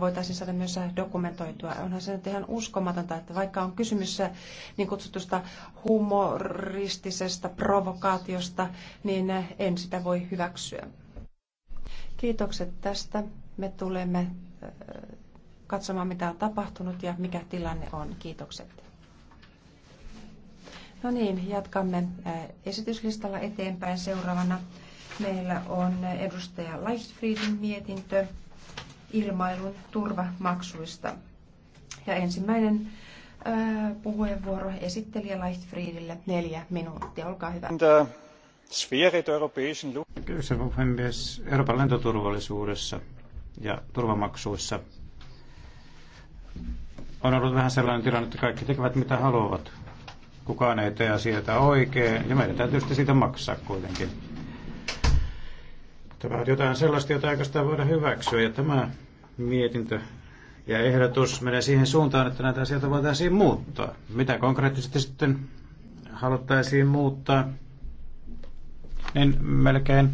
voitaisiin saada myös dokumentoitua. Onhan se nyt ihan uskomatonta, että vaikka on kysymys äh, niin kutsutusta humoristisesta provokaatiosta, niin äh, en sitä voi hyväksyä. Kiitokset tästä. Me tulemme äh, katsomaan, mitä on tapahtunut ja mikä tilanne on. Kiitokset. No niin, jatkamme esityslistalla eteenpäin. Seuraavana meillä on edustaja Leichtfriedin mietintö ilmailun turvamaksuista. Ja ensimmäinen ää, puheenvuoro esittelijä Leichtfriedille neljä minuuttia. Olkaa hyvä. Kyllä, puhemies. Euroopan lentoturvallisuudessa ja turvamaksuissa on ollut vähän sellainen tilanne, että kaikki tekevät mitä haluavat. Kukaan ei tee asioita oikein ja meidän täytyy sitä siitä maksaa kuitenkin. Tämä on jotain sellaista, jota oikeastaan voida hyväksyä. Ja tämä mietintö ja ehdotus menee siihen suuntaan, että näitä asioita voitaisiin muuttaa. Mitä konkreettisesti sitten haluttaisiin muuttaa, niin melkein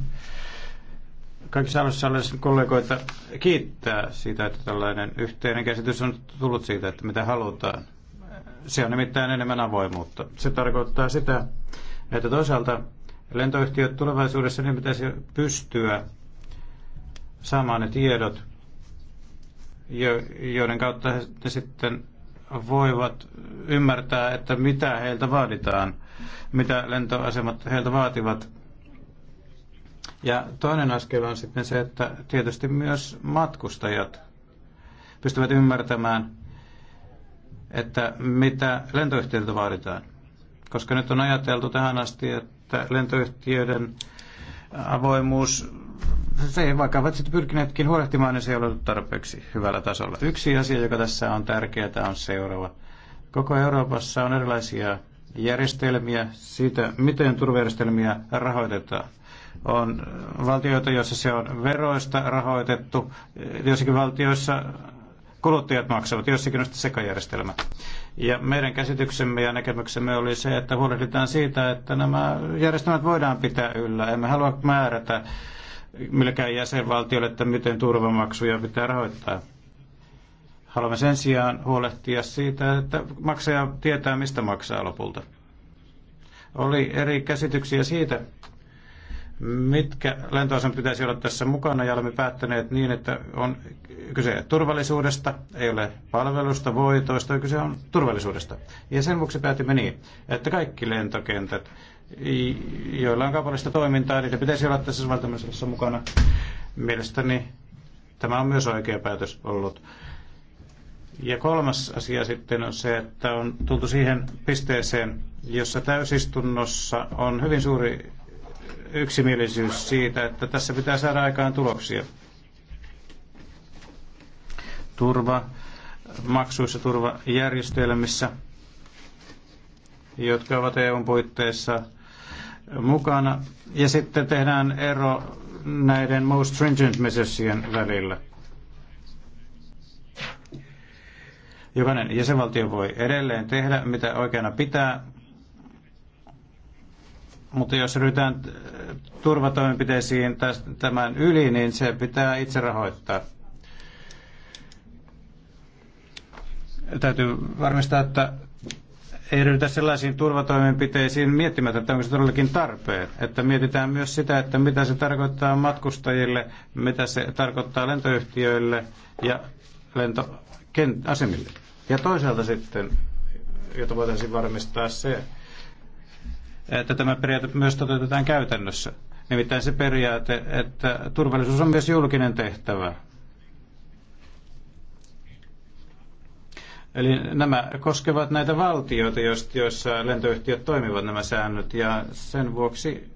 kaikki salissa olleissa kollegoita kiittää siitä, että tällainen yhteinen käsitys on tullut siitä, että mitä halutaan. Se on nimittäin enemmän avoimuutta. Se tarkoittaa sitä, että toisaalta lentoyhtiöt tulevaisuudessa niin pitäisi pystyä saamaan ne tiedot, joiden kautta he sitten voivat ymmärtää, että mitä heiltä vaaditaan, mitä lentoasemat heiltä vaativat. Ja toinen askel on sitten se, että tietysti myös matkustajat pystyvät ymmärtämään, että mitä lentoyhtiöltä vaaditaan. Koska nyt on ajateltu tähän asti, että että lentoyhtiöiden avoimuus, se vaikka ovat sitten pyrkineetkin huolehtimaan, niin se ei ole ollut tarpeeksi hyvällä tasolla. Yksi asia, joka tässä on tärkeää, on seuraava. Koko Euroopassa on erilaisia järjestelmiä siitä, miten turvajärjestelmiä rahoitetaan on valtioita, joissa se on veroista rahoitettu, joissakin valtioissa kuluttajat maksavat, joissakin on sitten sekajärjestelmä. Ja meidän käsityksemme ja näkemyksemme oli se, että huolehditaan siitä, että nämä järjestelmät voidaan pitää yllä. Emme halua määrätä millekään jäsenvaltiolle, että miten turvamaksuja pitää rahoittaa. Haluamme sen sijaan huolehtia siitä, että maksaja tietää, mistä maksaa lopulta. Oli eri käsityksiä siitä, mitkä lentoasemat pitäisi olla tässä mukana ja olemme päättäneet niin, että on kyse turvallisuudesta, ei ole palvelusta, voitoista, kyse on turvallisuudesta. Ja sen vuoksi päätimme niin, että kaikki lentokentät, joilla on kaupallista toimintaa, niitä pitäisi olla tässä valtamisessa mukana. Mielestäni tämä on myös oikea päätös ollut. Ja kolmas asia sitten on se, että on tultu siihen pisteeseen, jossa täysistunnossa on hyvin suuri yksimielisyys siitä, että tässä pitää saada aikaan tuloksia. Turva maksuissa, turvajärjestelmissä, jotka ovat EUn puitteissa mukana. Ja sitten tehdään ero näiden most stringent measuresien välillä. Jokainen jäsenvaltio voi edelleen tehdä, mitä oikeana pitää, mutta jos ryhdytään äh, turvatoimenpiteisiin tämän yli, niin se pitää itse rahoittaa. Täytyy varmistaa, että ei ryhdytä sellaisiin turvatoimenpiteisiin miettimättä, että onko se todellakin tarpeen. Että mietitään myös sitä, että mitä se tarkoittaa matkustajille, mitä se tarkoittaa lentoyhtiöille ja lentoasemille. Ja toisaalta sitten, jota voitaisiin varmistaa se, että tämä periaate myös toteutetaan käytännössä. Nimittäin se periaate, että turvallisuus on myös julkinen tehtävä. Eli nämä koskevat näitä valtioita, joissa lentoyhtiöt toimivat nämä säännöt, ja sen vuoksi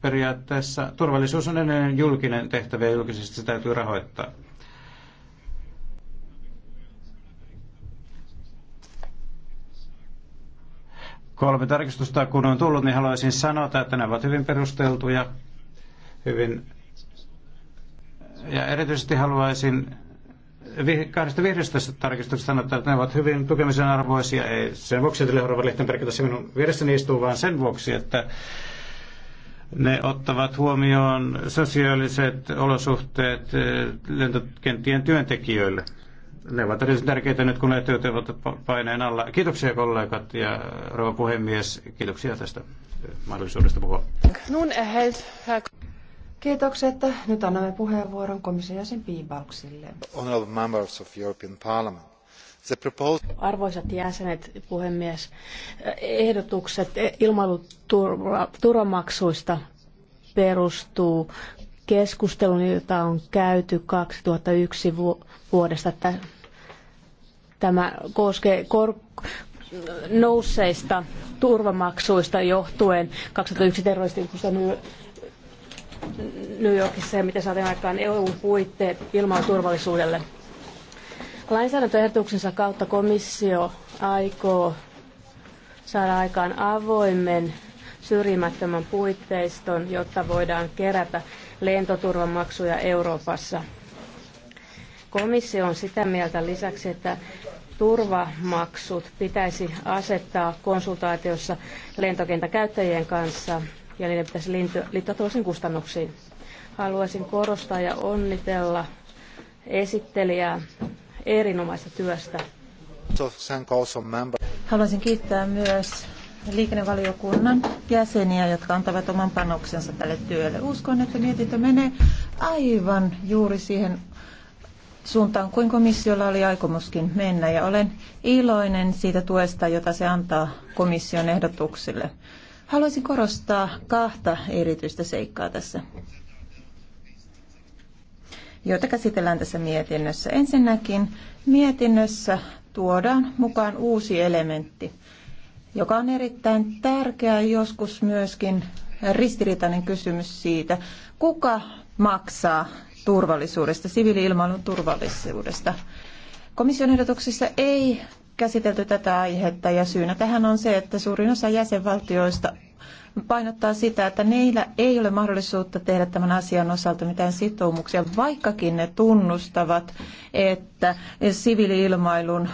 periaatteessa turvallisuus on ennen julkinen tehtävä ja julkisesti se täytyy rahoittaa. kolme tarkistusta kun on tullut, niin haluaisin sanoa, että ne ovat hyvin perusteltuja, hyvin ja erityisesti haluaisin kahdesta vihreästä tarkistuksesta sanoa, että ne ovat hyvin tukemisen arvoisia. Ei sen vuoksi, että Lehorova Lichtenberg tässä minun vieressäni istuu, vaan sen vuoksi, että ne ottavat huomioon sosiaaliset olosuhteet eh, lentokenttien työntekijöille. Ne ovat erityisen tärkeitä nyt, kun näitä työtä ovat paineen alla. Kiitoksia kollegat ja rouva puhemies. Kiitoksia tästä mahdollisuudesta puhua. Kiitokset. Nyt annamme puheenvuoron komission jäsen Piibalksille. members of European Parliament. Arvoisat jäsenet, puhemies, ehdotukset ilmailuturvamaksuista perustuu keskustelun, jota on käyty 2001 vuodesta Tämä koskee kor- nousseista turvamaksuista johtuen 2001 terroristikusta New Yorkissa ja mitä saatiin aikaan EU-puitteet turvallisuudelle. Lainsäädäntöehdotuksensa kautta komissio aikoo saada aikaan avoimen syrjimättömän puitteiston, jotta voidaan kerätä lentoturvamaksuja Euroopassa. Komissio on sitä mieltä lisäksi, että turvamaksut pitäisi asettaa konsultaatiossa lentokentäkäyttäjien kanssa ja niiden pitäisi liittyä toisiin kustannuksiin. Haluaisin korostaa ja onnitella esittelijää erinomaista työstä. Haluaisin kiittää myös liikennevaliokunnan jäseniä, jotka antavat oman panoksensa tälle työlle. Uskon, että mietintö menee aivan juuri siihen suuntaan kuin komissiolla oli aikomuskin mennä ja olen iloinen siitä tuesta, jota se antaa komission ehdotuksille. Haluaisin korostaa kahta erityistä seikkaa tässä, joita käsitellään tässä mietinnössä. Ensinnäkin mietinnössä tuodaan mukaan uusi elementti, joka on erittäin tärkeä joskus myöskin ristiriitainen kysymys siitä, kuka maksaa turvallisuudesta, siviiliilmailun turvallisuudesta. Komission ehdotuksessa ei käsitelty tätä aihetta ja syynä tähän on se, että suurin osa jäsenvaltioista painottaa sitä, että niillä ei ole mahdollisuutta tehdä tämän asian osalta mitään sitoumuksia, vaikkakin ne tunnustavat, että siviiliilmailun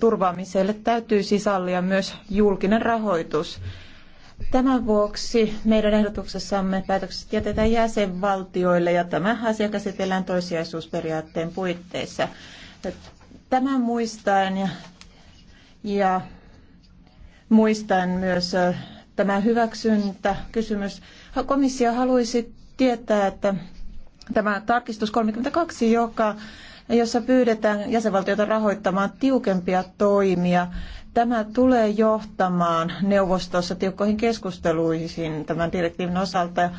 turvaamiselle täytyy sisällyä myös julkinen rahoitus. Tämän vuoksi meidän ehdotuksessamme päätökset jätetään jäsenvaltioille ja tämä asia käsitellään toisiaisuusperiaatteen puitteissa. Tämän muistaen ja, ja muistaen myös tämä hyväksyntä kysymys. Komissio haluaisi tietää, että tämä tarkistus 32, joka jossa pyydetään jäsenvaltioita rahoittamaan tiukempia toimia Tämä tulee johtamaan neuvostossa tiukkoihin keskusteluihin tämän direktiivin osalta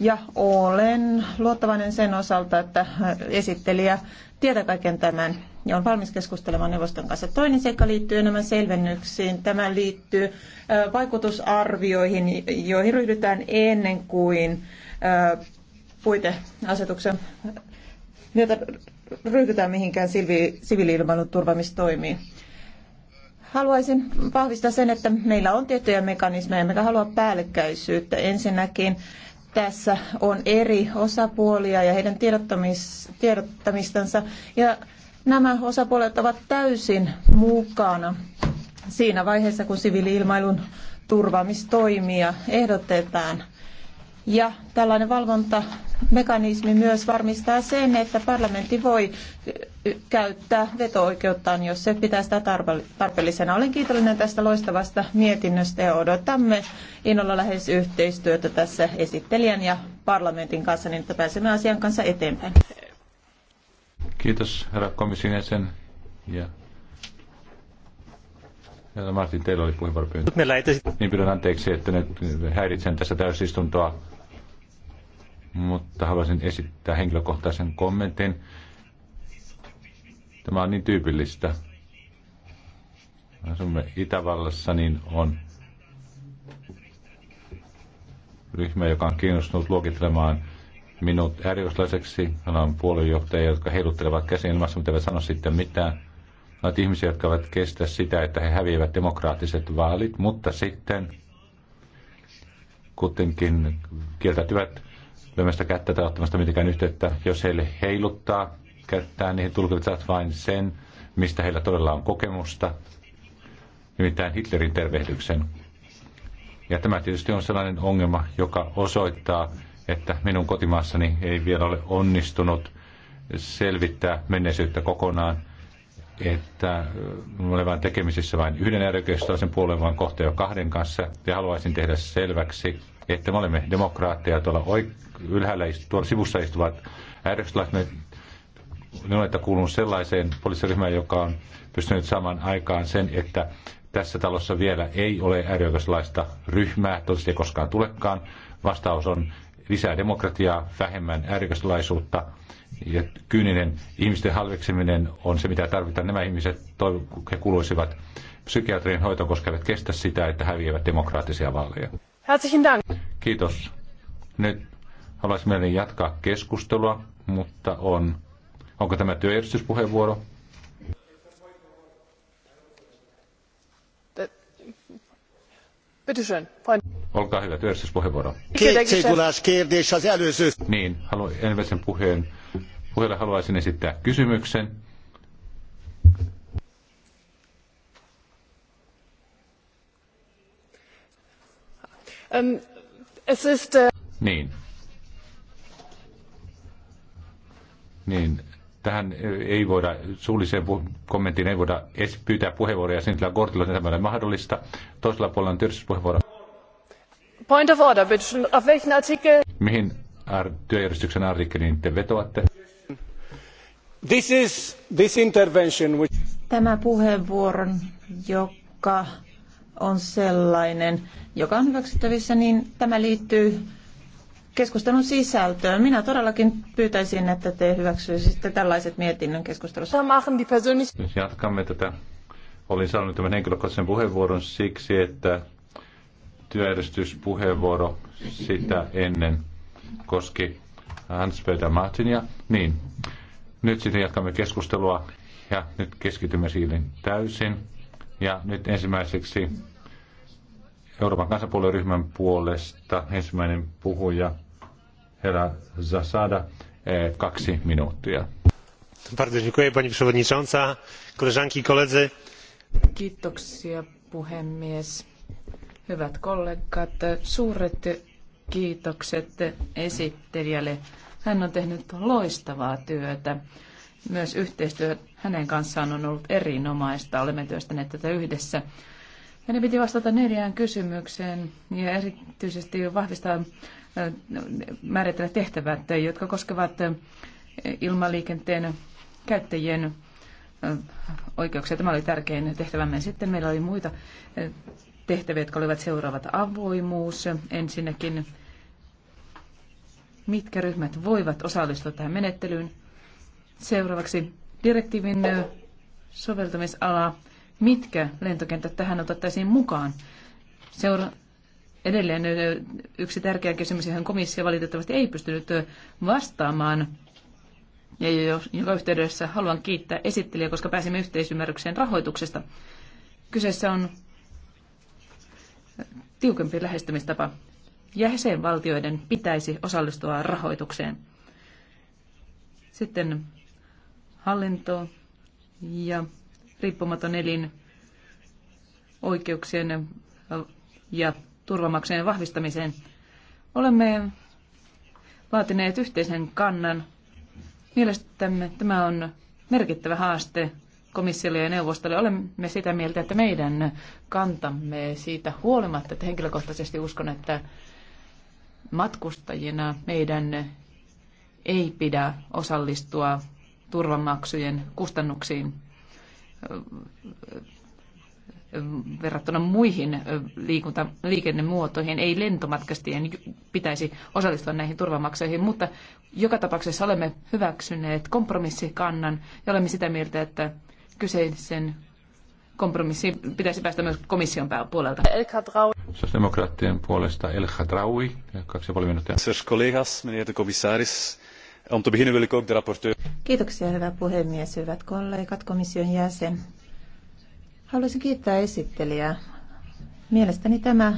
ja olen luottavainen sen osalta, että esittelijä tietää kaiken tämän ja on valmis keskustelemaan neuvoston kanssa. Toinen seikka liittyy enemmän selvennyksiin. Tämä liittyy vaikutusarvioihin, joihin ryhdytään ennen kuin puiteasetuksen myötä ryhdytään mihinkään siviili-ilmailun turvaamistoimiin. Haluaisin vahvistaa sen, että meillä on tiettyjä mekanismeja, emmekä halua päällekkäisyyttä. Ensinnäkin tässä on eri osapuolia ja heidän tiedottamis, tiedottamistansa. Ja nämä osapuolet ovat täysin mukana siinä vaiheessa, kun siviiliilmailun turvaamistoimia ehdotetaan. Ja tällainen valvonta mekanismi myös varmistaa sen, että parlamentti voi käyttää veto-oikeuttaan, jos se pitää sitä tarpeellisena. Olen kiitollinen tästä loistavasta mietinnöstä ja odotamme innolla lähes yhteistyötä tässä esittelijän ja parlamentin kanssa, niin että pääsemme asian kanssa eteenpäin. Kiitos herra komission jäsen. Ja Martin, teillä oli puheenvuoropyyntö. Niin pyydän anteeksi, että nyt häiritsen tässä täysistuntoa mutta haluaisin esittää henkilökohtaisen kommentin. Tämä on niin tyypillistä. Asumme Itävallassa, niin on ryhmä, joka on kiinnostunut luokittelemaan minut äärioslaiseksi. Hän on puoluejohtaja, jotka heiluttelevat käsin ilmassa, mutta eivät sano sitten mitään. Noita ihmisiä, jotka ovat kestä sitä, että he häviävät demokraattiset vaalit, mutta sitten kuitenkin kieltäytyvät lyömästä kättä tai ottamasta mitenkään yhteyttä. Jos heille heiluttaa kättään, niin he tulkitsevat vain sen, mistä heillä todella on kokemusta, nimittäin Hitlerin tervehdyksen. Ja tämä tietysti on sellainen ongelma, joka osoittaa, että minun kotimaassani ei vielä ole onnistunut selvittää menneisyyttä kokonaan, että olen vain tekemisissä vain yhden äärioikeistolaisen puolueen, vaan kohta jo kahden kanssa, ja haluaisin tehdä selväksi, että me olemme demokraatteja tuolla oik- ylhäällä istu- tuolla sivussa istuvat ne on, että kuulun sellaiseen poliisiryhmään, joka on pystynyt saamaan aikaan sen, että tässä talossa vielä ei ole äärioikeistolaista ryhmää, toivottavasti ei koskaan tulekaan. Vastaus on lisää demokratiaa, vähemmän äärioikeistolaisuutta ja kyyninen ihmisten halveksiminen on se, mitä tarvitaan. Nämä ihmiset toiv- he kuuluisivat psykiatrien hoitoon, koska eivät kestä sitä, että häviävät demokraattisia vaaleja. Herzlichen Dank. Kiitos. Nyt haluaisin mieleeni jatkaa keskustelua, mutta on, onko tämä työjärjestyspuheenvuoro? Olkaa hyvä, työjärjestyspuheenvuoro. Niin, haluan ensimmäisen puheen, puheelle haluaisin esittää kysymyksen. Ähm, es ist, äh, Niin. Niin, tähän ei voida, suulliseen kommenttiin ei voida edes pyytää puheenvuoroja sinisellä kortilla, niin tämä ei mahdollista. Toisella puolella on työllisyyspuheenvuoro. Point of order, bitte schön. Auf welchen Artikel? Mihin työjärjestyksen artikkeliin te vetoatte? This is this intervention which... Tämä puheenvuoron, joka on sellainen, joka on hyväksyttävissä, niin tämä liittyy keskustelun sisältöön. Minä todellakin pyytäisin, että te hyväksyisitte tällaiset mietinnön keskustelussa. jatkamme tätä, olin saanut tämän henkilökohtaisen puheenvuoron siksi, että työjärjestyspuheenvuoro sitä ennen koski Hans-Peter Martinia. Niin, nyt sitten jatkamme keskustelua ja nyt keskitymme siihen täysin. Ja nyt ensimmäiseksi Euroopan kansanpuolueryhmän puolesta ensimmäinen puhuja, herra Zasada, eh, kaksi minuuttia. Bardzo dziękuję pani przewodnicząca, koleżanki i koledzy. Kiitoksia puhemies. Hyvät kollegat, suuret kiitokset esittelijälle. Hän on tehnyt loistavaa työtä. Myös yhteistyö hänen kanssaan on ollut erinomaista. Olemme työstäneet tätä yhdessä ne piti vastata neljään kysymykseen ja erityisesti vahvistaa määritellä tehtävät, jotka koskevat ilmaliikenteen käyttäjien oikeuksia. Tämä oli tärkein tehtävämme. Sitten meillä oli muita tehtäviä, jotka olivat seuraavat. Avoimuus ensinnäkin. Mitkä ryhmät voivat osallistua tähän menettelyyn? Seuraavaksi direktiivin soveltamisala mitkä lentokentät tähän otettaisiin mukaan. Seura- edelleen yksi tärkeä kysymys, johon komissio valitettavasti ei pystynyt vastaamaan, ja joka yhteydessä haluan kiittää esittelijä, koska pääsimme yhteisymmärrykseen rahoituksesta. Kyseessä on tiukempi lähestymistapa. Jäsenvaltioiden pitäisi osallistua rahoitukseen. Sitten hallinto ja riippumaton elin oikeuksien ja turvamaksujen vahvistamiseen. Olemme vaatineet yhteisen kannan. Mielestämme tämä on merkittävä haaste komissiolle ja neuvostolle. Olemme sitä mieltä, että meidän kantamme siitä huolimatta, että henkilökohtaisesti uskon, että matkustajina meidän ei pidä osallistua turvamaksujen kustannuksiin verrattuna muihin liikunta, liikennemuotoihin. Ei lentomatkastien pitäisi osallistua näihin turvamaksoihin, mutta joka tapauksessa olemme hyväksyneet kompromissikannan ja olemme sitä mieltä, että kyseisen kompromissiin pitäisi päästä myös komission puolelta. El puolesta El Khadraoui, kaksi ja puoli minuuttia. Sos kollegas, Om te beginnen wil ik ook de rapporteur... Kiitoksia, hyvä puhemies, hyvät kollegat, komission jäsen. Haluaisin kiittää esittelijää. Mielestäni tämä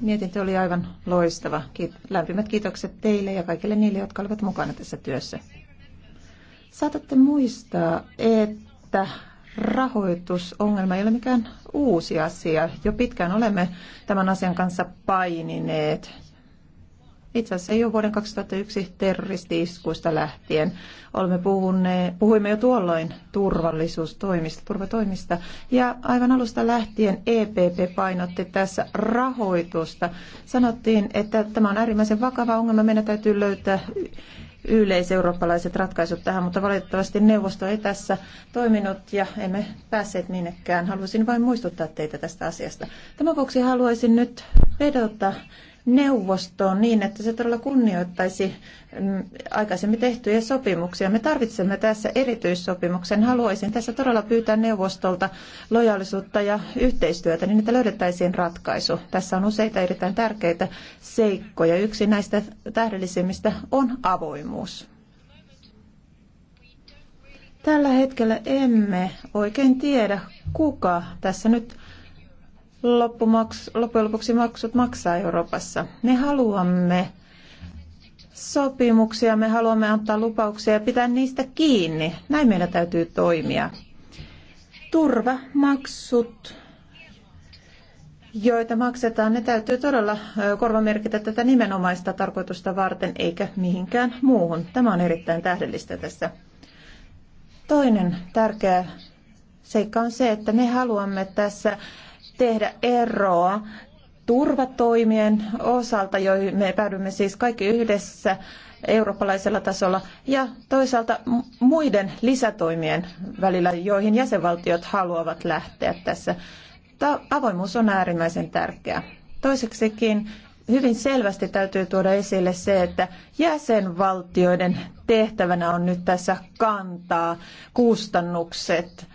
mietintö oli aivan loistava. Lämpimät kiitokset teille ja kaikille niille, jotka olivat mukana tässä työssä. Saatatte muistaa, että rahoitusongelma ei ole mikään uusi asia. Jo pitkään olemme tämän asian kanssa painineet itse asiassa jo vuoden 2001 terroristi-iskuista lähtien olemme puhuneet, puhuimme jo tuolloin turvallisuustoimista, turvatoimista. Ja aivan alusta lähtien EPP painotti tässä rahoitusta. Sanottiin, että tämä on äärimmäisen vakava ongelma, meidän täytyy löytää yleiseurooppalaiset ratkaisut tähän, mutta valitettavasti neuvosto ei tässä toiminut ja emme päässeet minnekään. Haluaisin vain muistuttaa teitä tästä asiasta. Tämän vuoksi haluaisin nyt vedota neuvostoon niin, että se todella kunnioittaisi mm, aikaisemmin tehtyjä sopimuksia. Me tarvitsemme tässä erityissopimuksen. Haluaisin tässä todella pyytää neuvostolta lojaalisuutta ja yhteistyötä niin, että löydettäisiin ratkaisu. Tässä on useita erittäin tärkeitä seikkoja. Yksi näistä tähdellisimmistä on avoimuus. Tällä hetkellä emme oikein tiedä, kuka tässä nyt loppujen lopuksi maksut maksaa Euroopassa. Me haluamme sopimuksia, me haluamme antaa lupauksia ja pitää niistä kiinni. Näin meidän täytyy toimia. Turvamaksut, joita maksetaan, ne täytyy todella korvamerkitä tätä nimenomaista tarkoitusta varten eikä mihinkään muuhun. Tämä on erittäin tähdellistä tässä. Toinen tärkeä seikka on se, että me haluamme tässä tehdä eroa turvatoimien osalta, joihin me päädymme siis kaikki yhdessä eurooppalaisella tasolla, ja toisaalta muiden lisätoimien välillä, joihin jäsenvaltiot haluavat lähteä tässä. avoimuus on äärimmäisen tärkeää. Toiseksikin hyvin selvästi täytyy tuoda esille se, että jäsenvaltioiden tehtävänä on nyt tässä kantaa kustannukset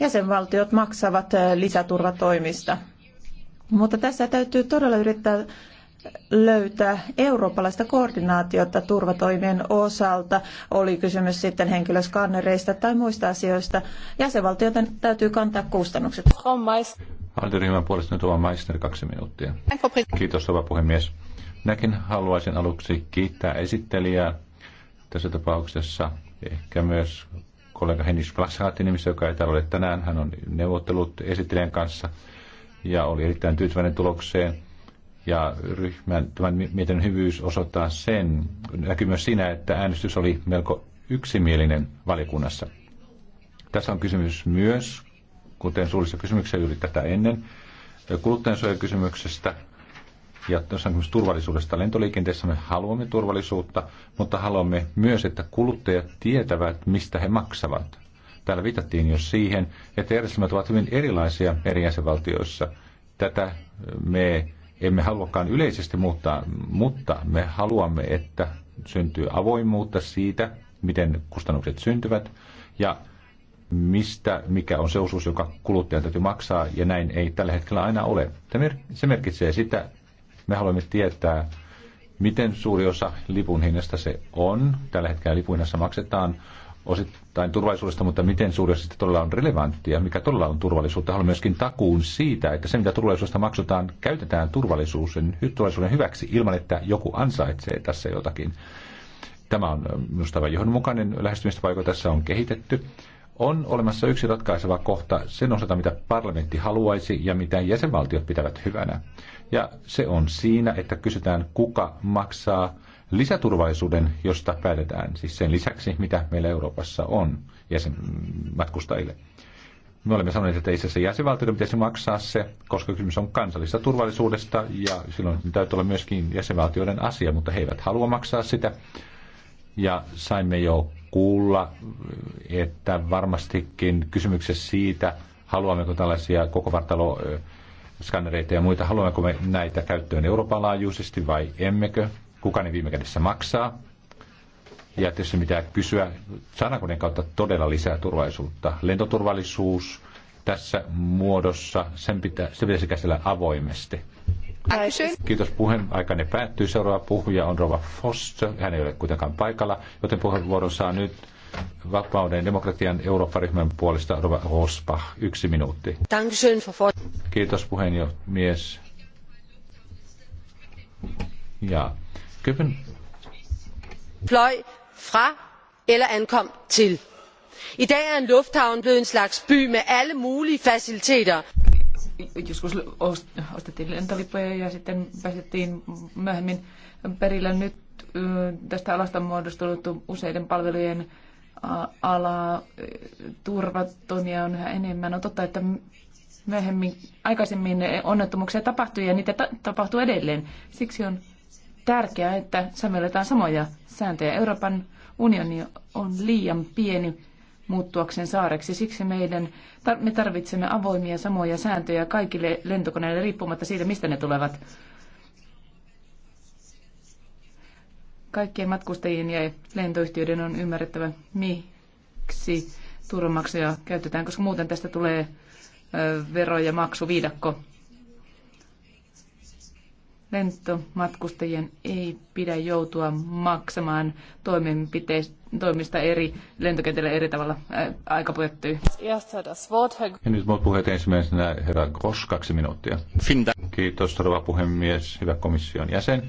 jäsenvaltiot maksavat lisäturvatoimista. Mutta tässä täytyy todella yrittää löytää eurooppalaista koordinaatiota turvatoimien osalta, oli kysymys sitten henkilöskannereista tai muista asioista. Jäsenvaltioiden täytyy kantaa kustannukset. Hallintoryhmän puolesta nyt oma maister kaksi minuuttia. Kiitos, hyvä puhemies. Minäkin haluaisin aluksi kiittää esittelijää tässä tapauksessa, ehkä myös kollega Hennis Flashaatin nimissä, joka ei täällä ole tänään. Hän on neuvottelut esittelijän kanssa ja oli erittäin tyytyväinen tulokseen. Ja ryhmän, tämän mietinnön hyvyys osoittaa sen, näkyy myös siinä, että äänestys oli melko yksimielinen valiokunnassa. Tässä on kysymys myös, kuten suullisessa kysymyksessä juuri tätä ennen, kuluttajansuojakysymyksestä, ja tuossa on turvallisuudesta lentoliikenteessä me haluamme turvallisuutta, mutta haluamme myös, että kuluttajat tietävät, mistä he maksavat. Täällä viitattiin jo siihen, että järjestelmät ovat hyvin erilaisia eri jäsenvaltioissa. Tätä me emme haluakaan yleisesti muuttaa, mutta me haluamme, että syntyy avoimuutta siitä, miten kustannukset syntyvät ja mistä, mikä on se osuus, joka kuluttajan täytyy maksaa, ja näin ei tällä hetkellä aina ole. Se merkitsee sitä, me haluamme tietää, miten suuri osa lipun hinnasta se on. Tällä hetkellä lipun hinnassa maksetaan osittain turvallisuudesta, mutta miten suuri osa sitä todella on relevanttia, mikä todella on turvallisuutta. Haluan myöskin takuun siitä, että se mitä turvallisuudesta maksutaan, käytetään turvallisuuden, turvallisuuden hyväksi ilman, että joku ansaitsee tässä jotakin. Tämä on minusta aivan johdonmukainen lähestymistapa, joka tässä on kehitetty on olemassa yksi ratkaiseva kohta sen osalta, mitä parlamentti haluaisi ja mitä jäsenvaltiot pitävät hyvänä. Ja se on siinä, että kysytään, kuka maksaa lisäturvallisuuden, josta päätetään, siis sen lisäksi, mitä meillä Euroopassa on jäsenmatkustajille. Me olemme sanoneet, että itse asiassa jäsenvaltioiden pitäisi maksaa se, koska kysymys on kansallisesta turvallisuudesta ja silloin täytyy olla myöskin jäsenvaltioiden asia, mutta he eivät halua maksaa sitä. Ja saimme jo kuulla, että varmastikin kysymyksessä siitä, haluammeko tällaisia koko vartalo skannereita ja muita, haluammeko me näitä käyttöön Euroopan laajuisesti vai emmekö, kuka ne viime kädessä maksaa. Ja tietysti mitä kysyä, saadaanko ne kautta todella lisää turvallisuutta. Lentoturvallisuus tässä muodossa, sen pitä, se pitäisi käsitellä avoimesti. Kiitos puheen. aikainen päättyy. Seuraava puhuja on Rova Foster. Hän ei ole kuitenkaan paikalla, joten puheenvuoron saa nyt vapauden ja demokratian Eurooppa-ryhmän puolesta Rova Hospa. Yksi minuutti. Kiitos puheenjohtajamies. Ja. Köpen. Fløj fra eller ankom til. I dag er en lufthavn blevet en slags by med alle mulige faciliteter joskus ostettiin lentolipoja ja sitten pääsettiin myöhemmin perillä. Nyt tästä alasta on muodostunut useiden palvelujen ala, turvattomia on yhä enemmän. On totta, että myöhemmin, aikaisemmin onnettomuuksia tapahtui ja niitä ta- tapahtuu edelleen. Siksi on tärkeää, että sävelletään samoja sääntöjä. Euroopan unioni on liian pieni muuttuakseen saareksi. Siksi meidän, me tarvitsemme avoimia samoja sääntöjä kaikille lentokoneille riippumatta siitä, mistä ne tulevat. Kaikkien matkustajien ja lentoyhtiöiden on ymmärrettävä, miksi turvamaksuja käytetään, koska muuten tästä tulee vero- ja maksuviidakko lentomatkustajien ei pidä joutua maksamaan toimista eri lentokentillä eri tavalla. Ää, aika pyöttyy. Ja nyt muut puheet ensimmäisenä herra Gros kaksi minuuttia. Finta. Kiitos rouva puhemies, hyvä komission jäsen.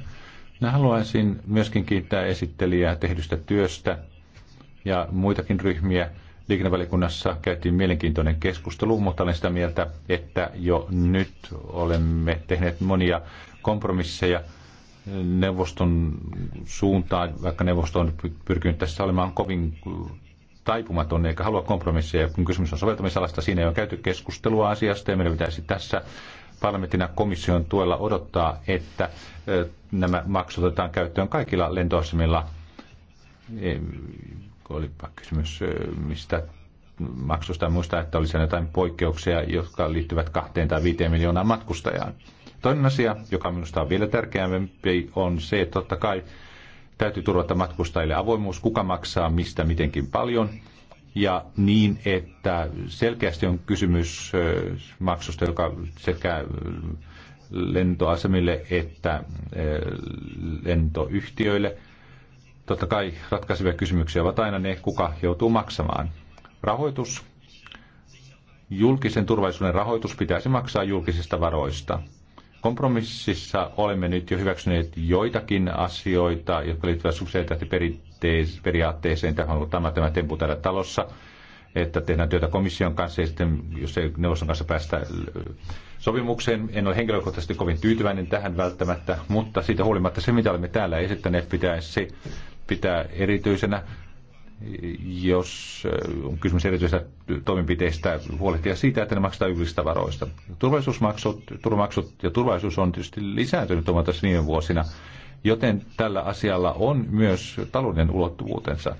Minä haluaisin myöskin kiittää esittelijää tehdystä työstä ja muitakin ryhmiä. Liikennevalikunnassa käytiin mielenkiintoinen keskustelu, mutta olen sitä mieltä, että jo nyt olemme tehneet monia kompromisseja neuvoston suuntaan, vaikka neuvosto on pyrkinyt tässä olemaan kovin taipumaton eikä halua kompromisseja. Kun kysymys on soveltamisalasta, siinä ei ole käyty keskustelua asiasta ja meidän pitäisi tässä ja komission tuella odottaa, että nämä maksut otetaan käyttöön kaikilla lentoasemilla. E, olipa kysymys mistä maksusta muista, että olisi jotain poikkeuksia, jotka liittyvät kahteen tai viiteen miljoonaan matkustajaan. Toinen asia, joka minusta on vielä tärkeämpi, on se, että totta kai täytyy turvata matkustajille avoimuus, kuka maksaa mistä mitenkin paljon, ja niin, että selkeästi on kysymys maksusta, joka sekä lentoasemille että lentoyhtiöille. Totta kai ratkaisevia kysymyksiä ovat aina ne, kuka joutuu maksamaan. Rahoitus. Julkisen turvallisuuden rahoitus pitäisi maksaa julkisista varoista. Kompromississa olemme nyt jo hyväksyneet joitakin asioita, jotka liittyvät subsidiariteettiperiaatteeseen. Tämä on ollut tämä, tämä tempu täällä talossa, että tehdään työtä komission kanssa ja sitten, jos ei neuvoston kanssa päästä äh, sopimukseen. En ole henkilökohtaisesti kovin tyytyväinen tähän välttämättä, mutta siitä huolimatta se, mitä olemme täällä esittäneet, pitäisi pitää erityisenä jos eh, on kysymys erityisistä toimenpiteistä, huolehtia siitä, että ne maksetaan yksistä varoista. Turvallisuusmaksut, turvamaksut ja turvallisuus on tietysti lisääntynyt tässä viime vuosina, joten tällä asialla on myös talouden ulottuvuutensa.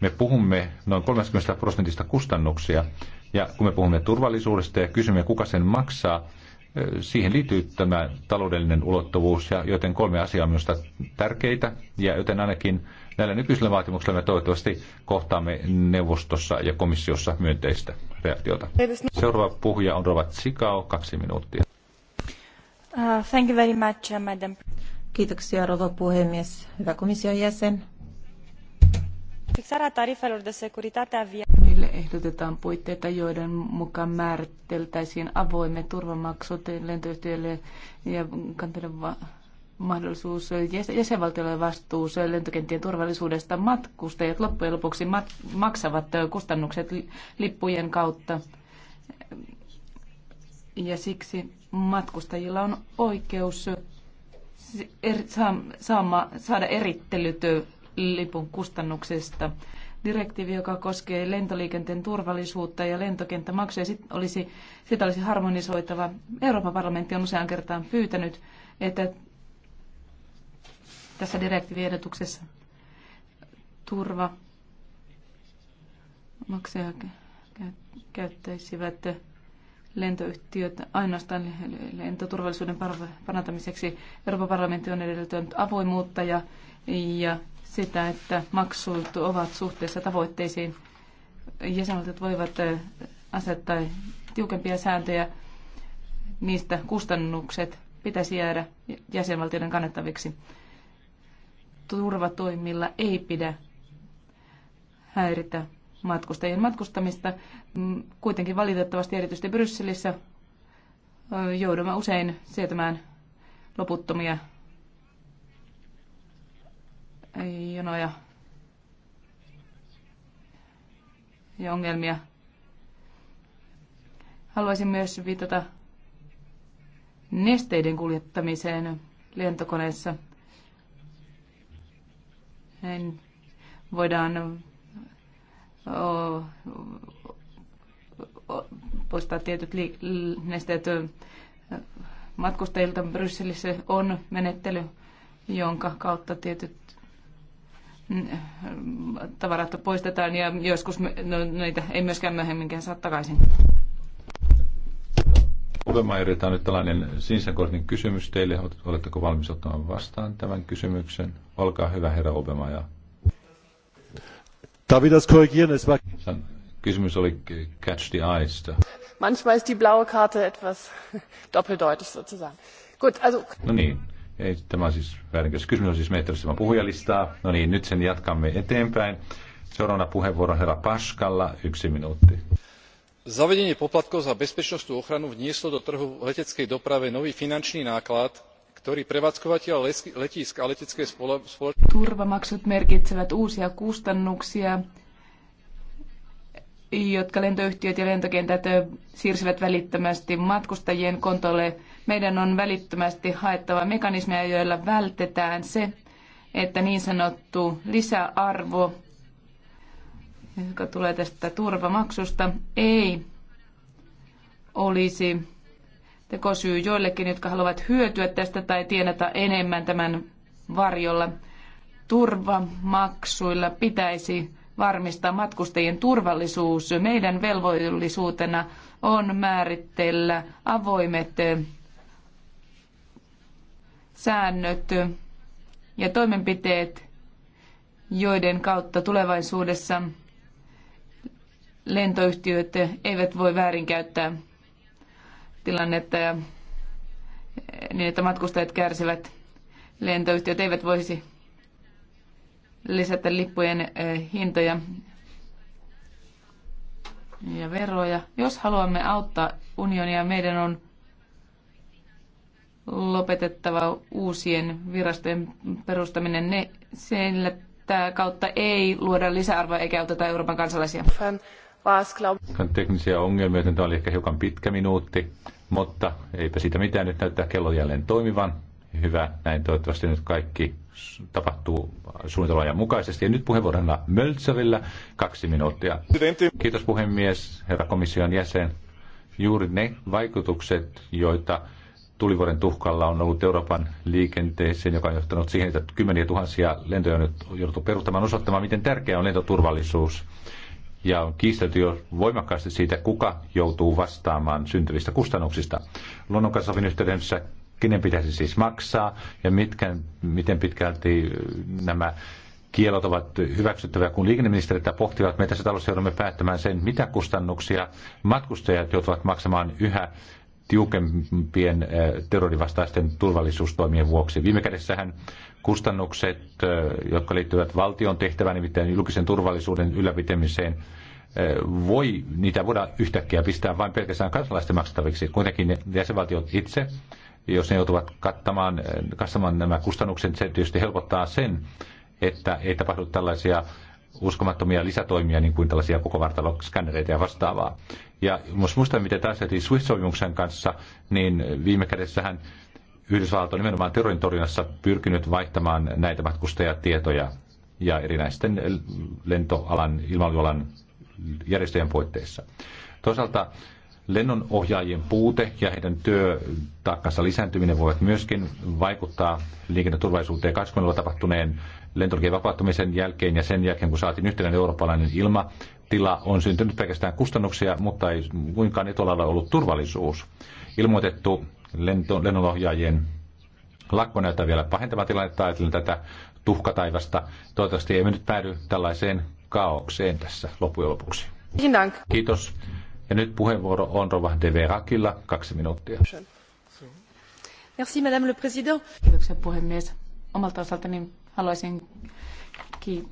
Me puhumme noin 30 prosentista kustannuksia, ja kun me puhumme turvallisuudesta ja kysymme, kuka sen maksaa, eh, siihen liittyy tämä taloudellinen ulottuvuus, ja joten kolme asiaa on minusta tärkeitä, ja joten ainakin Näillä nykyisillä vaatimuksilla me toivottavasti kohtaamme neuvostossa ja komissiossa myönteistä reaktiota. Seuraava puhuja on Rovat Sikao, kaksi minuuttia. Uh, thank you very much, uh, madam. Kiitoksia, rouva puhemies. Hyvä komission jäsen. Fixarea tarifelor de securitate avia. Meille ehdotetaan puitteita, joiden mukaan määriteltäisiin avoimet turvamaksut lentoyhtiöille ja kantelevaa mahdollisuus jäsenvaltiolle vastuu lentokenttien turvallisuudesta. Matkustajat loppujen lopuksi maksavat kustannukset lippujen kautta. Ja siksi matkustajilla on oikeus er- saada erittelyt lipun kustannuksesta. Direktiivi, joka koskee lentoliikenteen turvallisuutta ja lentokenttämaksuja, sit olisi, sitä olisi harmonisoitava. Euroopan parlamentti on usean kertaan pyytänyt, että tässä direktiiviehdotuksessa turva maksaja käyttäisivät lentoyhtiöt ainoastaan lentoturvallisuuden parantamiseksi. Euroopan parlamentti on edellyttänyt avoimuutta ja, ja sitä, että maksut ovat suhteessa tavoitteisiin. Jäsenvaltiot voivat asettaa tiukempia sääntöjä. Niistä kustannukset pitäisi jäädä jäsenvaltioiden kannettaviksi turvatoimilla ei pidä häiritä matkustajien matkustamista. Mm, kuitenkin valitettavasti erityisesti Brysselissä joudumme usein sietämään loputtomia jonoja ja ongelmia. Haluaisin myös viitata nesteiden kuljettamiseen lentokoneessa – näin voidaan poistaa tietyt li- nesteet matkustajilta. Brysselissä on menettely, jonka kautta tietyt tavarat poistetaan ja joskus no, näitä ei myöskään myöhemminkään saa takaisin. Ovemaa tämä nyt tällainen sinisen kysymys teille. Oletteko valmis ottamaan vastaan tämän kysymyksen? Olkaa hyvä, herra Ovemaa. Darf Kysymys oli Catch the eyes. Manchmal ist die blaue Karte etwas doppeldeutig sozusagen. Gut, also... No niin, ei, tämä on siis väärinkäs. Kysymys on siis meitä puhujalistaa. No niin, nyt sen jatkamme eteenpäin. Seuraavana puheenvuoro herra Paskalla, yksi minuutti zavedenie poplatkov za bezpečnostnú ochranu vnieslo do trhu v leteckej doprave nový finančný náklad ktorý prevádzkovatelia letísk a letecké spoločnosti. turvamaksut merkitsevät uusia kustannuksia jotka lentoyhtiöt ja lentokentät siirsivät välittömästi matkustajien kontolle. Meidän on välittömästi haettava mekanismeja, joilla vältetään se, että niin sanottu lisäarvo joka tulee tästä turvamaksusta, ei olisi tekosyy joillekin, jotka haluavat hyötyä tästä tai tienata enemmän tämän varjolla. Turvamaksuilla pitäisi varmistaa matkustajien turvallisuus. Meidän velvollisuutena on määritellä avoimet säännöt ja toimenpiteet, joiden kautta tulevaisuudessa lentoyhtiöt eivät voi väärinkäyttää tilannetta ja niin, että matkustajat kärsivät. Lentoyhtiöt eivät voisi lisätä lippujen eh, hintoja ja veroja. Jos haluamme auttaa unionia, meidän on lopetettava uusien virastojen perustaminen. Ne, sillä tämä kautta ei luoda lisäarvoa eikä auteta Euroopan kansalaisia. Teknisiä ongelmia, joten tämä oli ehkä hiukan pitkä minuutti, mutta eipä siitä mitään. Nyt näyttää kello jälleen toimivan. Hyvä, näin toivottavasti nyt kaikki tapahtuu suunnitelman mukaisesti. Ja nyt puheenvuorona Möltserillä kaksi minuuttia. Kiitos puhemies, herra komission jäsen. Juuri ne vaikutukset, joita tulivuoren tuhkalla on ollut Euroopan liikenteeseen, joka on johtanut siihen, että kymmeniä tuhansia lentoja on nyt jouduttu peruuttamaan osoittamaan, miten tärkeää on lentoturvallisuus ja on kiistelty jo voimakkaasti siitä, kuka joutuu vastaamaan syntyvistä kustannuksista. Luonnonkasvavin yhteydessä kenen pitäisi siis maksaa ja mitkä, miten pitkälti nämä kielot ovat hyväksyttäviä, kun liikenneministeriötä pohtivat, me tässä talossa joudumme päättämään sen, mitä kustannuksia matkustajat joutuvat maksamaan yhä tiukempien äh, terrorivastaisten turvallisuustoimien vuoksi. Viime kädessähän kustannukset, äh, jotka liittyvät valtion tehtävään, nimittäin julkisen turvallisuuden ylläpitämiseen, äh, voi, niitä voida yhtäkkiä pistää vain pelkästään kansalaisten maksettaviksi. Kuitenkin jäsenvaltiot itse, jos ne joutuvat kattamaan, kattamaan nämä kustannukset, se tietysti helpottaa sen, että ei tapahdu tällaisia uskomattomia lisätoimia, niin kuin tällaisia vartaloskännereitä ja vastaavaa. Ja jos muistan, miten taisteltiin swiss sovimuksen kanssa, niin viime kädessähän Yhdysvallat on nimenomaan terrorin torjunnassa pyrkinyt vaihtamaan näitä matkustajatietoja ja erinäisten lentoalan, ilmailualan järjestöjen puitteissa. Toisaalta Lennonohjaajien puute ja heidän työtaakkansa lisääntyminen voivat myöskin vaikuttaa liikenneturvallisuuteen 20-luvulla tapahtuneen lentologien vapauttamisen jälkeen ja sen jälkeen, kun saatiin yhtenäinen eurooppalainen tila on syntynyt pelkästään kustannuksia, mutta ei kuinkaan etolalla ollut turvallisuus. Ilmoitettu lento, lennonohjaajien lakko näyttää vielä pahentavaa tilannetta ajatellen tätä tuhkataivasta. Toivottavasti emme nyt päädy tällaiseen kaaukseen tässä loppujen lopuksi. Kiitos. Ja nyt puheenvuoro on Rova de Verakilla, kaksi minuuttia. Merci, Madame le Président. Kiitoksia puhemies. Omalta osaltani haluaisin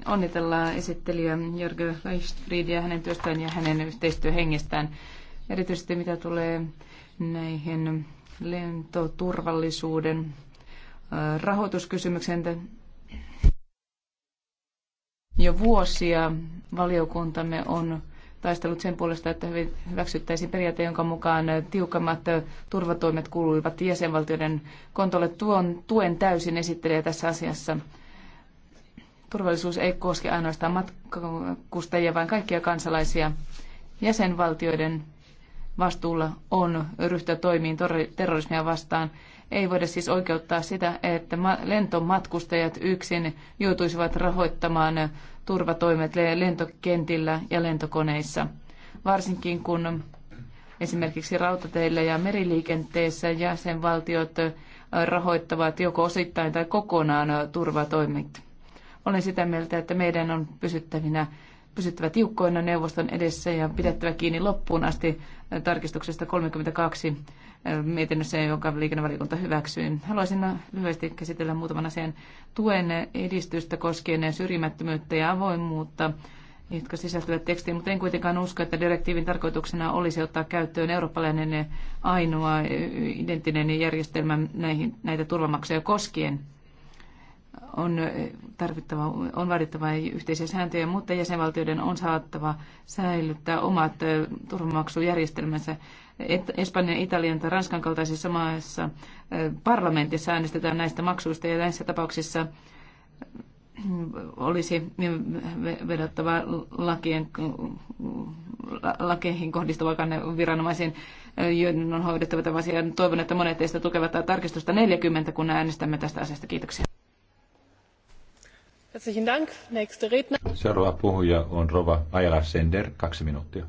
onnitella esittelijä Jörgö Leichfriedia hänen työstään ja hänen yhteistyöhengestään. Erityisesti mitä tulee näihin lentoturvallisuuden rahoituskysymykseen. Jo vuosia valiokuntamme on taistellut sen puolesta, että hyväksyttäisiin periaate, jonka mukaan tiukemmat turvatoimet kuuluivat jäsenvaltioiden kontolle. Tuon tuen täysin esittelee tässä asiassa. Turvallisuus ei koske ainoastaan matkustajia, vaan kaikkia kansalaisia. Jäsenvaltioiden vastuulla on ryhtyä toimiin terrorismia vastaan ei voida siis oikeuttaa sitä, että lentomatkustajat yksin joutuisivat rahoittamaan turvatoimet lentokentillä ja lentokoneissa. Varsinkin kun esimerkiksi rautateillä ja meriliikenteessä jäsenvaltiot rahoittavat joko osittain tai kokonaan turvatoimet. Olen sitä mieltä, että meidän on pysyttävinä pysyttävä tiukkoina neuvoston edessä ja pidettävä kiinni loppuun asti tarkistuksesta 32 mietinnössä, jonka liikennevaliokunta hyväksyi. Haluaisin lyhyesti käsitellä muutaman asian tuen edistystä koskien syrjimättömyyttä ja avoimuutta jotka sisältyvät tekstiin, mutta en kuitenkaan usko, että direktiivin tarkoituksena olisi ottaa käyttöön eurooppalainen ainoa identtinen järjestelmä näihin, näitä turvamaksuja koskien. On, tarvittava, on vaadittava yhteisiä sääntöjä, mutta jäsenvaltioiden on saattava säilyttää omat turvamaksujärjestelmänsä. Espanjan, Italian tai Ranskan kaltaisissa maissa parlamentissa äänestetään näistä maksuista ja näissä tapauksissa olisi vedottava lakien, lakeihin kohdistuva kanne viranomaisiin, joiden on hoidettava tämä asia. Toivon, että monet teistä tukevat tarkistusta 40, kun äänestämme tästä asiasta. Kiitoksia. Seuraava puhuja on Rova Ajala Sender, kaksi minuuttia.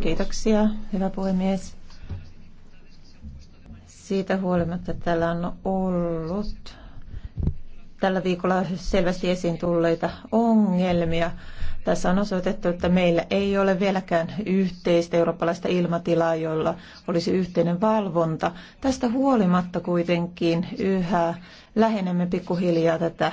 Kiitoksia, hyvä puhemies. Siitä huolimatta täällä on ollut tällä viikolla selvästi esiin tulleita ongelmia. Tässä on osoitettu, että meillä ei ole vieläkään yhteistä eurooppalaista ilmatilaa, jolla olisi yhteinen valvonta. Tästä huolimatta kuitenkin yhä lähenemme pikkuhiljaa tätä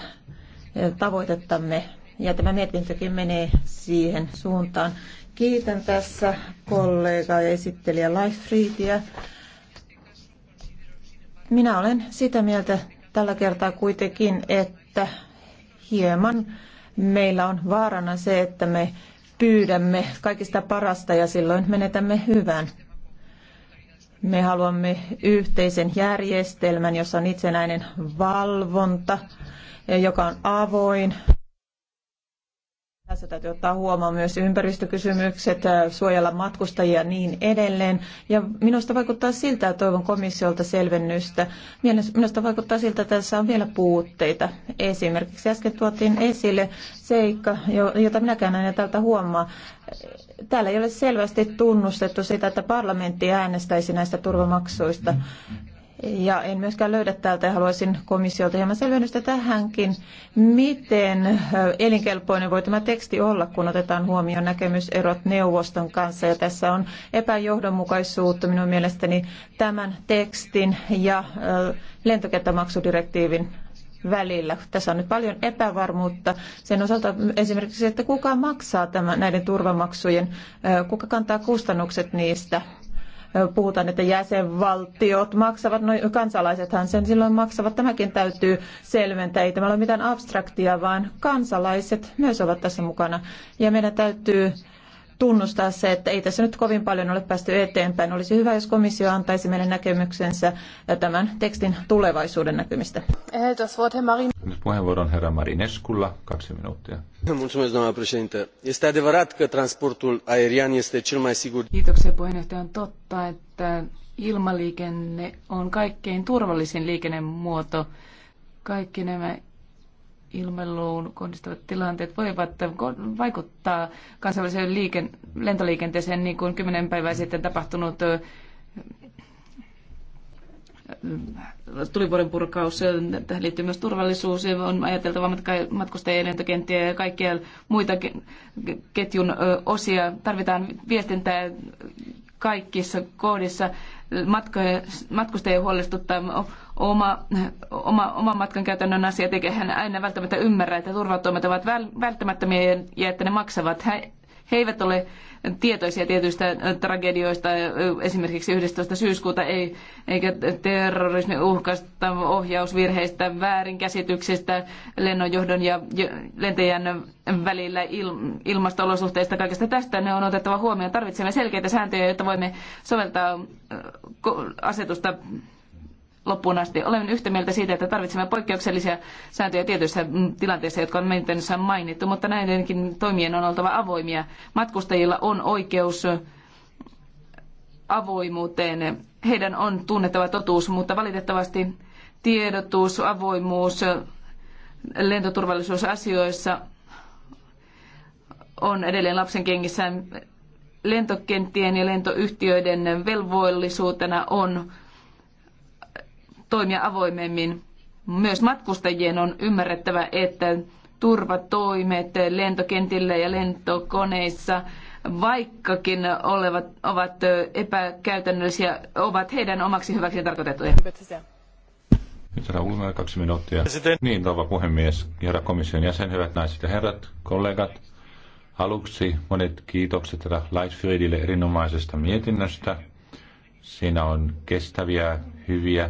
tavoitettamme. Ja tämä mietintökin menee siihen suuntaan. Kiitän tässä kollegaa ja esittelijä Lifefreedia. Minä olen sitä mieltä tällä kertaa kuitenkin, että hieman meillä on vaarana se, että me pyydämme kaikista parasta ja silloin menetämme hyvän. Me haluamme yhteisen järjestelmän, jossa on itsenäinen valvonta, joka on avoin, tässä täytyy ottaa huomioon myös ympäristökysymykset, äh, suojella matkustajia ja niin edelleen. Ja minusta vaikuttaa siltä, että toivon komissiolta selvennystä. Minusta vaikuttaa siltä, että tässä on vielä puutteita. Esimerkiksi äsken tuotiin esille seikka, jota minäkään en tältä huomaa. Täällä ei ole selvästi tunnustettu sitä, että parlamentti äänestäisi näistä turvamaksuista. Ja en myöskään löydä täältä ja haluaisin komissiolta hieman selvennystä tähänkin, miten elinkelpoinen voi tämä teksti olla, kun otetaan huomioon näkemyserot neuvoston kanssa. Ja tässä on epäjohdonmukaisuutta minun mielestäni tämän tekstin ja lentokenttämaksudirektiivin välillä. Tässä on nyt paljon epävarmuutta sen osalta esimerkiksi, että kuka maksaa tämän, näiden turvamaksujen, kuka kantaa kustannukset niistä puhutaan, että jäsenvaltiot maksavat, no kansalaisethan sen silloin maksavat. Tämäkin täytyy selventää. Ei tämä ole mitään abstraktia, vaan kansalaiset myös ovat tässä mukana. Ja meidän täytyy tunnustaa se, että ei tässä nyt kovin paljon ole päästy eteenpäin. Olisi hyvä, jos komissio antaisi meille näkemyksensä tämän tekstin tulevaisuuden näkymistä. Nyt puheenvuoron herra Marinesculla, kaksi minuuttia. Mulțumesc, doamna președinte. Este adevărat că transportul aerian este cel mai sigur. Kiitoksia puheenjohtaja. On totta, että ilmaliikenne on kaikkein turvallisin liikennemuoto. Kaikki nämä ilmailuun kohdistuvat tilanteet voivat vaikuttaa kansainväliseen liiken, lentoliikenteeseen, niin kuin kymmenen päivää sitten tapahtunut tulivuoren purkaus. Tähän liittyy myös turvallisuus. On ajateltava matkustajien lentokenttiä ja kaikkia muita ketjun osia. Tarvitaan viestintää kaikissa kohdissa. Matkustajia huolestuttaa oma, oma, oman matkan käytännön asia, eikä hän aina välttämättä ymmärrä, että turvatoimet ovat välttämättömiä ja että ne maksavat. He, he eivät ole tietoisia tietyistä tragedioista, esimerkiksi 11. syyskuuta, ei, eikä terrorismin uhkasta, ohjausvirheistä, väärinkäsityksistä, lennonjohdon ja lentäjän välillä il, ilmasto-olosuhteista, kaikesta tästä ne on otettava huomioon. Tarvitsemme selkeitä sääntöjä, jotta voimme soveltaa asetusta loppuun asti. Olen yhtä mieltä siitä, että tarvitsemme poikkeuksellisia sääntöjä tietyissä mm, tilanteissa, jotka on mietinnössä mainittu, mutta näidenkin toimien on oltava avoimia. Matkustajilla on oikeus avoimuuteen. Heidän on tunnettava totuus, mutta valitettavasti tiedotus, avoimuus lentoturvallisuusasioissa on edelleen lapsen kengissä lentokenttien ja lentoyhtiöiden velvollisuutena on toimia avoimemmin. Myös matkustajien on ymmärrettävä, että turvatoimet lentokentillä ja lentokoneissa, vaikkakin olevat, ovat epäkäytännöllisiä, ovat heidän omaksi hyväksi tarkoitettuja. Nyt herra kaksi minuuttia. Niin, rouva puhemies, herra komission jäsen, hyvät naiset ja herrat, kollegat. Aluksi monet kiitokset herra Lightfieldille erinomaisesta mietinnöstä. Siinä on kestäviä, hyviä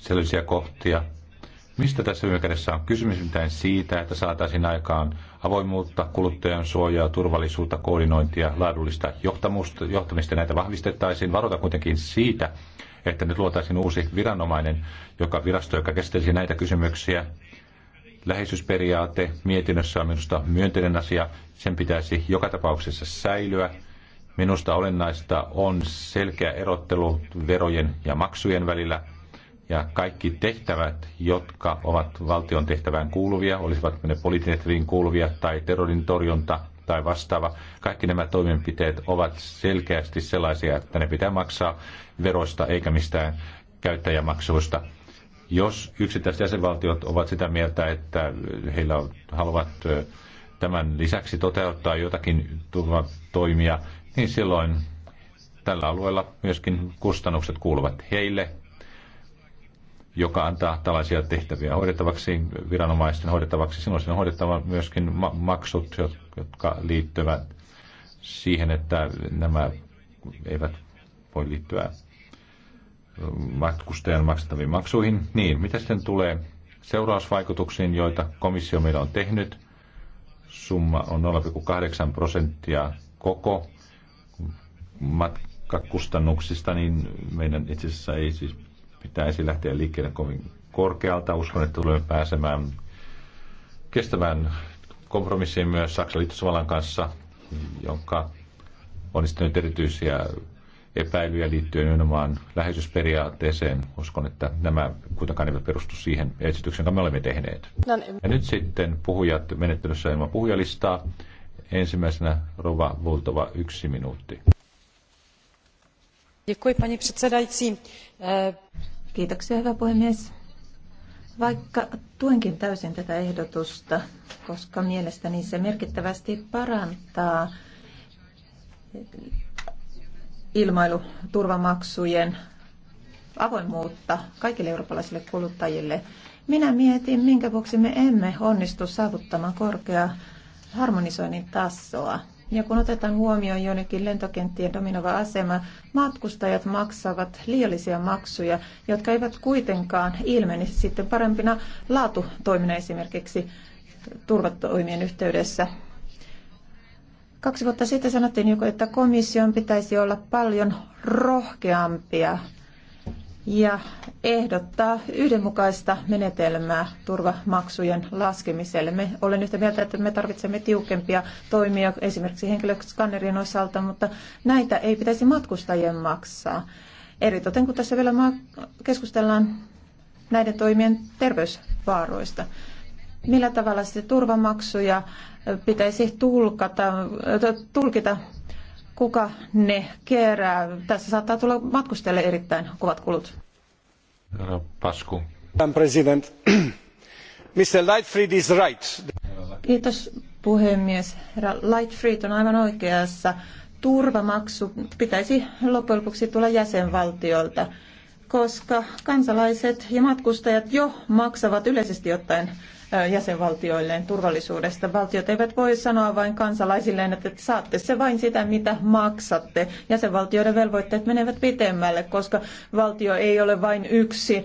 sellaisia kohtia, Mistä tässä viime kädessä on kysymys? Mitään siitä, että saataisiin aikaan avoimuutta, kuluttajan suojaa, turvallisuutta, koordinointia, laadullista johtamusta, johtamista. Näitä vahvistettaisiin. Varota kuitenkin siitä, että nyt luotaisiin uusi viranomainen, joka virasto, joka käsittelisi näitä kysymyksiä. Läheisyysperiaate mietinnössä on minusta myönteinen asia. Sen pitäisi joka tapauksessa säilyä. Minusta olennaista on selkeä erottelu verojen ja maksujen välillä – ja kaikki tehtävät, jotka ovat valtion tehtävään kuuluvia, olisivat ne poliittisiin kuuluvia tai terrorin torjunta tai vastaava, kaikki nämä toimenpiteet ovat selkeästi sellaisia, että ne pitää maksaa veroista eikä mistään käyttäjämaksuista. Jos yksittäiset jäsenvaltiot ovat sitä mieltä, että heillä haluavat tämän lisäksi toteuttaa jotakin toimia, niin silloin tällä alueella myöskin kustannukset kuuluvat heille joka antaa tällaisia tehtäviä hoidettavaksi, viranomaisten hoidettavaksi. Silloin on hoidettava myöskin ma- maksut, jotka liittyvät siihen, että nämä eivät voi liittyä matkustajan maksettaviin maksuihin. Niin, mitä sitten tulee seurausvaikutuksiin, joita komissio meillä on tehnyt? Summa on 0,8 prosenttia koko matkakustannuksista, niin meidän itse asiassa ei siis pitäisi lähteä liikkeelle kovin korkealta. Uskon, että tulemme pääsemään kestävään kompromissiin myös Saksan liittosvallan kanssa, jonka on sitten erityisiä epäilyjä liittyen nimenomaan läheisyysperiaatteeseen. Uskon, että nämä kuitenkaan eivät perustu siihen esitykseen, jonka me olemme tehneet. No niin. Ja nyt sitten puhujat menettelyssä ilman puhujalistaa. Ensimmäisenä Rova Vultova, yksi minuutti paní předsedající eh, Kiitoksia, puhemies. Vaikka tuenkin täysin tätä ehdotusta, koska mielestäni se merkittävästi parantaa ilmailuturvamaksujen avoimuutta kaikille eurooppalaisille kuluttajille, minä mietin, minkä vuoksi me emme onnistu saavuttamaan korkeaa harmonisoinnin tasoa ja kun otetaan huomioon jonnekin lentokenttien dominova asema, matkustajat maksavat liiallisia maksuja, jotka eivät kuitenkaan ilmene sitten parempina laatutoimina esimerkiksi turvatoimien yhteydessä. Kaksi vuotta sitten sanottiin, että komission pitäisi olla paljon rohkeampia ja ehdottaa yhdenmukaista menetelmää turvamaksujen laskemiselle. Me olen yhtä mieltä, että me tarvitsemme tiukempia toimia esimerkiksi henkilöskannerien osalta, mutta näitä ei pitäisi matkustajien maksaa. Eritoten kun tässä vielä keskustellaan näiden toimien terveysvaaroista. Millä tavalla se turvamaksuja pitäisi tulkata, tulkita kuka ne kerää. Tässä saattaa tulla matkustajille erittäin kovat kulut. Herra Pasku. President. Mr. Lightfried is right. Kiitos puhemies. Herra Lightfried on aivan oikeassa. Turvamaksu pitäisi loppujen lopuksi tulla jäsenvaltiolta, koska kansalaiset ja matkustajat jo maksavat yleisesti ottaen jäsenvaltioilleen turvallisuudesta. Valtiot eivät voi sanoa vain kansalaisilleen, että saatte se vain sitä, mitä maksatte. Jäsenvaltioiden velvoitteet menevät pitemmälle, koska valtio ei ole vain yksi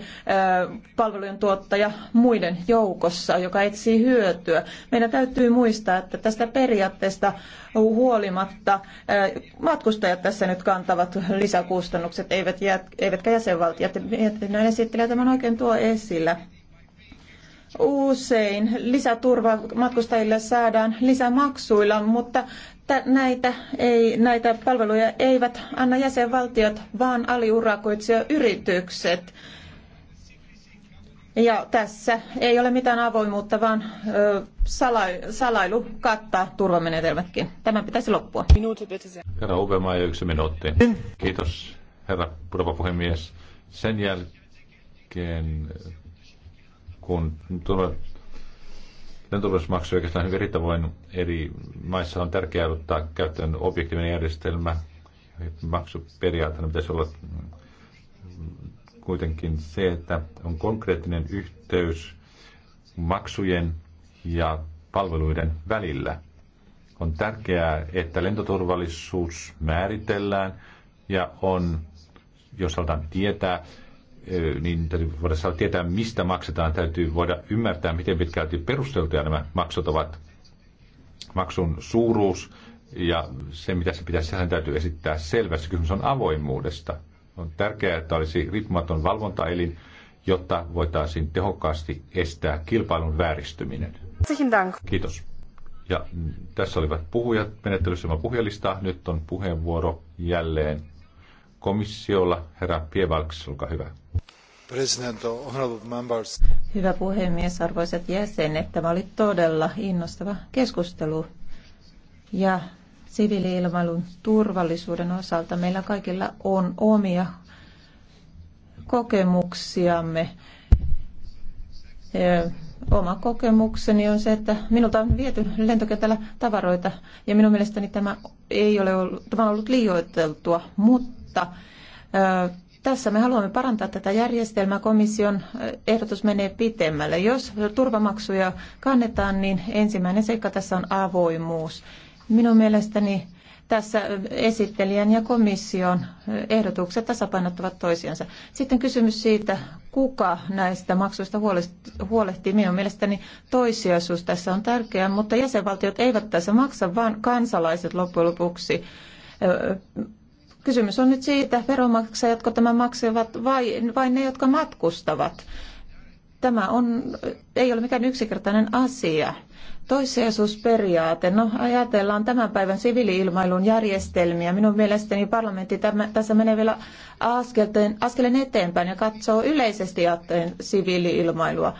palvelujen tuottaja muiden joukossa, joka etsii hyötyä. Meidän täytyy muistaa, että tästä periaatteesta huolimatta matkustajat tässä nyt kantavat lisäkustannukset, eivät eivätkä jäsenvaltiot. Mietinnön esittelijä tämän oikein tuo esillä. Usein lisäturva matkustajille saadaan lisämaksuilla, mutta näitä, ei, näitä palveluja eivät anna jäsenvaltiot, vaan aliurakoitsijayritykset. Ja tässä ei ole mitään avoimuutta, vaan salailu, salailu kattaa turvamenetelmätkin. Tämän pitäisi loppua. Herra Uvemaa ja yksi minuutti. Niin. Kiitos, herra puhemies. Sen jälkeen kun on oikeastaan hyvin eri tavoin eri maissa on tärkeää ottaa käyttöön objektiivinen järjestelmä. Maksuperiaatteena pitäisi olla kuitenkin se, että on konkreettinen yhteys maksujen ja palveluiden välillä. On tärkeää, että lentoturvallisuus määritellään ja on, jos halutaan tietää, niin täytyy voida saada tietää, mistä maksetaan. Täytyy voida ymmärtää, miten pitkälti perusteltuja nämä maksut ovat. Maksun suuruus ja se, mitä se pitäisi sehän täytyy esittää selvästi. Kysymys on avoimuudesta. On tärkeää, että olisi riippumaton valvontaelin, jotta voitaisiin tehokkaasti estää kilpailun vääristyminen. Kiitos. Ja mm, tässä olivat puhujat menettelyssä puhujalista. Nyt on puheenvuoro jälleen komissiolla. Herra Pievalks, olkaa hyvä. Hyvä puhemies, arvoisat jäsenet. Tämä oli todella innostava keskustelu. Ja siviiliilmailun turvallisuuden osalta meillä kaikilla on omia kokemuksiamme. Oma kokemukseni on se, että minulta on viety lentokentällä tavaroita ja minun mielestäni tämä ei ole ollut, tämä on ollut liioiteltua, mutta kautta. Tässä me haluamme parantaa tätä järjestelmää. Komission ehdotus menee pitemmälle. Jos turvamaksuja kannetaan, niin ensimmäinen seikka tässä on avoimuus. Minun mielestäni tässä esittelijän ja komission ehdotukset tasapainottavat toisiansa. Sitten kysymys siitä, kuka näistä maksuista huolehtii. Minun mielestäni toissijaisuus tässä on tärkeää, mutta jäsenvaltiot eivät tässä maksa, vaan kansalaiset loppujen lopuksi Kysymys on nyt siitä, veronmaksajatko tämä maksavat vai, vai ne, jotka matkustavat. Tämä on, ei ole mikään yksinkertainen asia. Toissijaisuusperiaate. No, ajatellaan tämän päivän siviiliilmailun järjestelmiä. Minun mielestäni parlamentti tämä, tässä menee vielä askelten, askelen eteenpäin ja katsoo yleisesti ajatteen siviiliilmailua.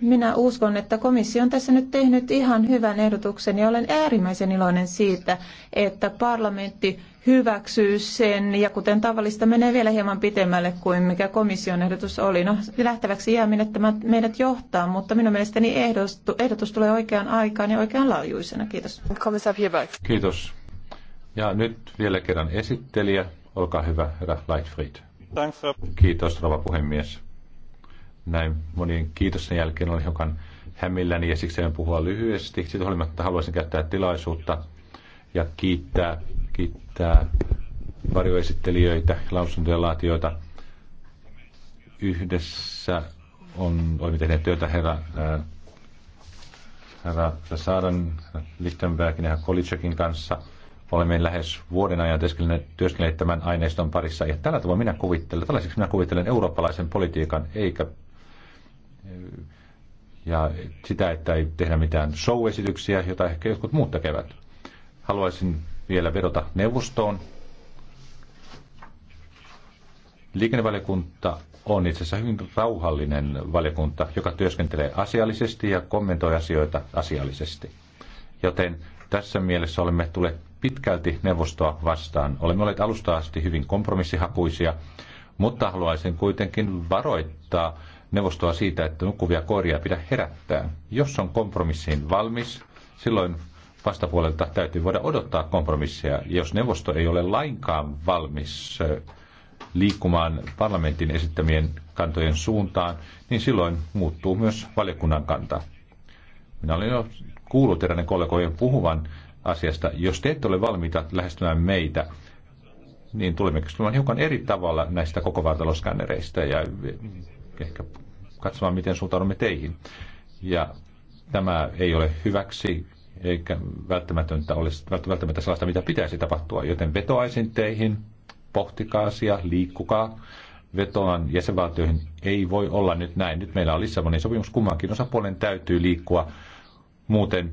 Minä uskon, että komissio on tässä nyt tehnyt ihan hyvän ehdotuksen ja olen äärimmäisen iloinen siitä, että parlamentti hyväksyy sen, ja kuten tavallista menee vielä hieman pitemmälle kuin mikä komission ehdotus oli. No, lähteväksi jää, minne tämä meidät johtaa, mutta minun mielestäni ehdotus, ehdotus tulee oikeaan aikaan ja oikean laajuisena. Kiitos. Kiitos. Ja nyt vielä kerran esittelijä. Olkaa hyvä, herra Lightfried. Kiitos, rouva puhemies. Näin monien kiitos jälkeen olen hiukan hämilläni ja siksi en puhua lyhyesti. Sitten huolimatta haluaisin käyttää tilaisuutta ja kiittää kiittää varjoesittelijöitä, lausuntoja laatijoita. Yhdessä on, olemme tehneet työtä herra, äh, herra Saaran, Lichtenbergin ja Kolitschekin kanssa. Olemme lähes vuoden ajan työskennelleet tämän aineiston parissa. Ja tällä tavoin minä kuvittelen, tällaiseksi minä kuvittelen eurooppalaisen politiikan, eikä äh, ja sitä, että ei tehdä mitään show-esityksiä, jota ehkä jotkut muut tekevät. Haluaisin vielä vedota neuvostoon. Liikennevaliokunta on itse asiassa hyvin rauhallinen valiokunta, joka työskentelee asiallisesti ja kommentoi asioita asiallisesti. Joten tässä mielessä olemme tulleet pitkälti neuvostoa vastaan. Olemme olleet alusta asti hyvin kompromissihakuisia, mutta haluaisin kuitenkin varoittaa neuvostoa siitä, että nukkuvia koiria pidä herättää. Jos on kompromissiin valmis, silloin vastapuolelta täytyy voida odottaa kompromisseja. Jos neuvosto ei ole lainkaan valmis liikkumaan parlamentin esittämien kantojen suuntaan, niin silloin muuttuu myös valiokunnan kanta. Minä olen jo kuullut eräiden kollegojen puhuvan asiasta. Jos te ette ole valmiita lähestymään meitä, niin tulemme keskustelemaan hiukan eri tavalla näistä koko vartaloskannereista ja ehkä katsomaan, miten suhtaudumme teihin. Ja tämä ei ole hyväksi eikä välttämätöntä olisi välttämättä sellaista, mitä pitäisi tapahtua. Joten vetoaisin teihin, pohtikaa asia, liikkukaa. Vetoan jäsenvaltioihin ei voi olla nyt näin. Nyt meillä on Lissabonin sopimus, kummankin osapuolen täytyy liikkua. Muuten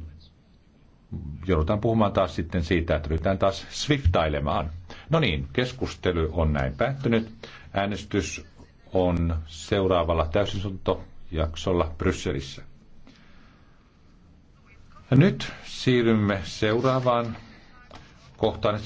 joudutaan puhumaan taas sitten siitä, että ryhdytään taas swiftailemaan. No niin, keskustelu on näin päättynyt. Äänestys on seuraavalla täysistuntojaksolla Brysselissä. Ja nyt siirrymme seuraavaan kohtaan.